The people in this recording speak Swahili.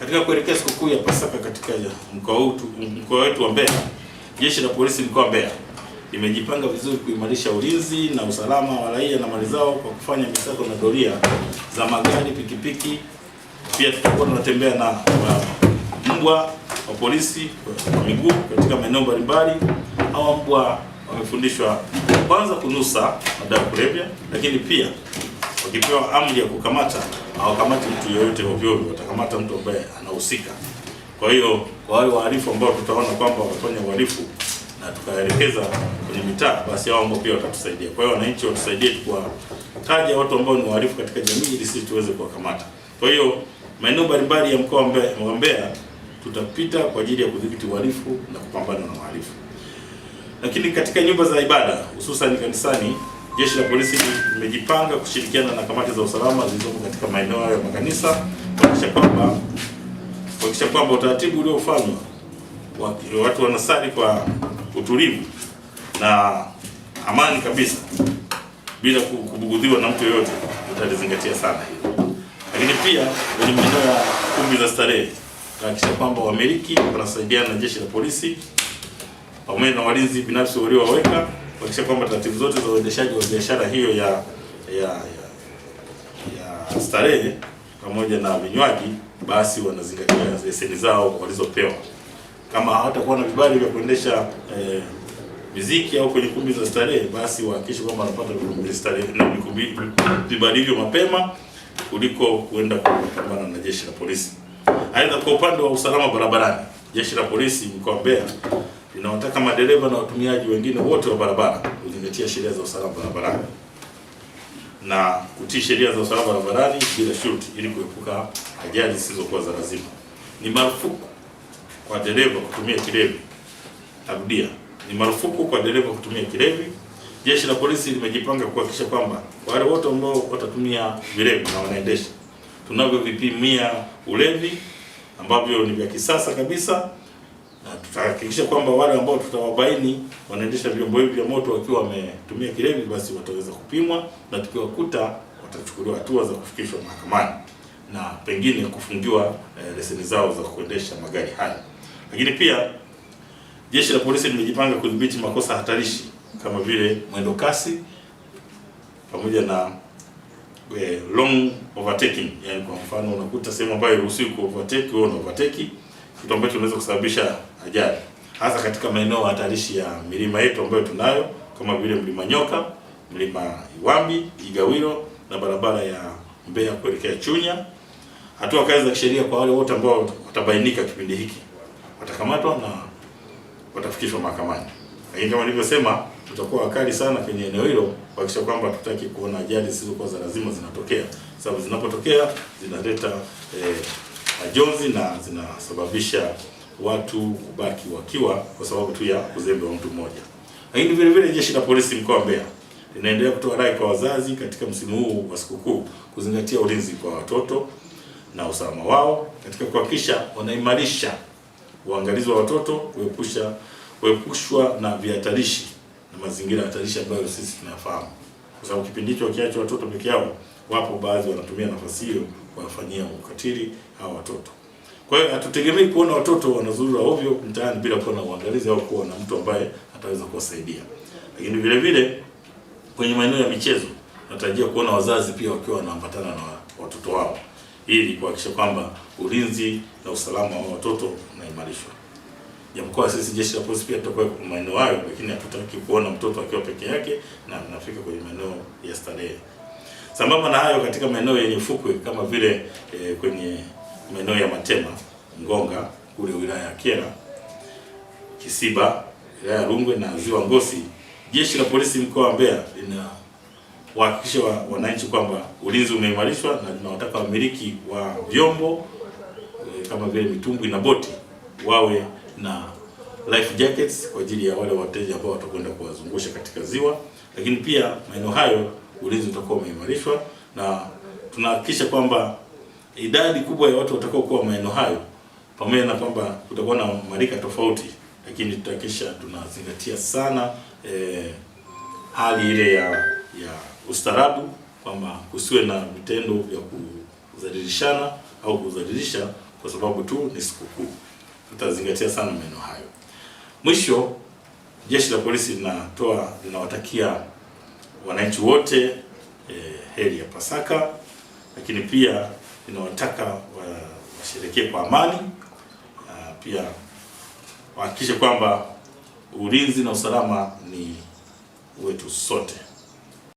Katika kuelekea sikukuu ya Pasaka katika mkoa wetu wa Mbeya, jeshi la polisi mkoa wa Mbeya limejipanga vizuri kuimarisha ulinzi na usalama wa raia na mali zao kwa kufanya misako na doria za magari, pikipiki. Pia tutakuwa tunatembea na mbwa wa polisi kwa miguu katika maeneo mbalimbali. Hawa mbwa wamefundishwa kwanza kunusa madawa kulevya, lakini pia wakipewa amri ya kukamata hawakamati mtu yoyote ovyo ovyo, watakamata mtu ambaye anahusika. Kwa hiyo kwa wale wahalifu ambao tutaona kwamba wamefanya uhalifu na tukaelekeza kwenye mitaa, basi hao ambao pia watatusaidia. Kwa hiyo wananchi watusaidie kuwataja watu ambao ni wahalifu katika jamii, ili sisi tuweze kuwakamata. Kwa hiyo maeneo mbalimbali ya mkoa wa Mbeya tutapita kwa ajili ya kudhibiti uhalifu na kupambana na uhalifu, Lakini katika nyumba za ibada hususan kanisani Jeshi la polisi limejipanga kushirikiana na kamati za usalama zilizopo katika maeneo ya makanisa kuhakikisha kwamba kuhakikisha kwamba utaratibu uliofanywa watu wanasali kwa utulivu na amani kabisa bila kubugudhiwa na mtu yoyote, utalizingatia sana hilo. Lakini pia kwenye maeneo ya kumbi za starehe kuhakikisha kwamba wamiliki wanasaidiana na jeshi la polisi pamoja na walinzi binafsi waliowaweka kuhakikisha kwamba taratibu zote za uendeshaji wa biashara hiyo ya ya ya, ya starehe pamoja na vinywaji basi wanazingatia leseni zao walizopewa. Kama hawatakuwa na vibali vya kuendesha eh, miziki au kwenye kumbi za starehe, basi wahakikishe kwamba wanapata vibali hivyo mapema kuliko kuenda kupambana na jeshi la polisi. Aidha, kwa upande wa usalama barabarani, jeshi la polisi mkoa wa Mbeya inawataka madereva na watumiaji wengine wote wa barabara kuzingatia sheria za usalama barabarani na kutii sheria za usalama barabarani bila shuruti ili kuepuka ajali zisizokuwa za lazima. Ni marufuku kwa dereva kutumia kilevi. Narudia, ni marufuku kwa dereva kutumia kilevi. Jeshi la polisi limejipanga kuhakikisha kwamba wale wote ambao watatumia vilevi na wanaendesha, tunavyovipimia ulevi ambavyo ni vya kisasa kabisa tutahakikisha kwamba wale ambao tutawabaini wanaendesha vyombo hivi vya moto wakiwa wametumia kilevi, basi wataweza kupimwa na tukiwakuta watachukuliwa hatua za kufikishwa mahakamani na pengine kufungiwa e, leseni zao za kuendesha magari haya. Lakini pia jeshi la polisi limejipanga kudhibiti makosa hatarishi kama vile mwendo kasi pamoja na e, long overtaking, yani kwa mfano unakuta sehemu ambayo hairuhusiwi overtake wewe una overtake kitu ambacho kinaweza kusababisha ajali, hasa katika maeneo hatarishi ya milima yetu ambayo tunayo kama vile mlima Nyoka, mlima Iwambi, Igawilo na barabara ya Mbeya kuelekea Chunya. Hatua kali za kisheria kwa wale wote ambao watabainika kipindi hiki watakamatwa na watafikishwa mahakamani, lakini kama nilivyosema, tutakuwa wakali sana kwenye eneo hilo kuhakikisha kwamba tutaki kuona ajali zisizokuwa za lazima zinatokea, sababu zinapotokea zinaleta eh, majonzi na zinasababisha watu kubaki wakiwa kwa sababu tu ya uzembe wa mtu mmoja. Lakini vile vile jeshi la polisi mkoa wa Mbeya linaendelea kutoa rai kwa wazazi katika msimu huu wa sikukuu kuzingatia ulinzi kwa watoto na usalama wao katika kuhakikisha wanaimarisha uangalizi wa watoto, kuepusha kuepushwa na vihatarishi na mazingira hatarishi ambayo sisi tunayafahamu, kwa sababu kipindi hicho wakiacha watoto peke yao, wapo baadhi wanatumia nafasi hiyo kuwafanyia ukatili hawa watoto. Kwa hiyo hatutegemei kuona watoto wanazurura ovyo mtaani bila kuwa na uangalizi au kuwa na mtu ambaye ataweza kuwasaidia. Lakini vile vile kwenye maeneo ya michezo natarajia kuona wazazi pia wakiwa wanaambatana na watoto wao ili kuhakikisha kwamba ulinzi na usalama wa watoto unaimarishwa. Japokuwa sisi jeshi la polisi pia tutakuwa kwa maeneo hayo, lakini hatutaki kuona mtoto akiwa peke yake na anafika kwenye maeneo ya starehe. Sambamba na hayo, katika maeneo yenye fukwe kama vile e, kwenye maeneo ya Matema, Ngonga kule wilaya ya Kyela, Kisiba wilaya ya Rungwe na Ziwa Ngosi, jeshi la polisi mkoa wa Mbeya lina wahakikisha wa, wananchi kwamba ulinzi umeimarishwa na tunawataka wamiliki wa vyombo e, kama vile mitumbwi na boti wawe na life jackets kwa ajili ya wale wateja ambao watakwenda kuwazungusha katika ziwa, lakini pia maeneo hayo ulinzi utakuwa umeimarishwa na tunahakikisha kwamba idadi kubwa ya watu kuwa maeneo hayo, pamoja na kwamba kutakuwa na marika tofauti, lakini tutahakikisha tunazingatia sana e, hali ile ya ya ustarabu, kwamba kusiwe na vitendo vya kuzalilishana au kuzalilisha kwa sababu tu ni sikukuu. Tutazingatia sana maeneo hayo. Mwisho, jeshi la polisi linatoa linawatakia wananchi wote e, heri ya Pasaka, lakini pia ninawataka washerekee kwa amani na ah, pia wahakikishe kwamba ulinzi na usalama ni wetu sote.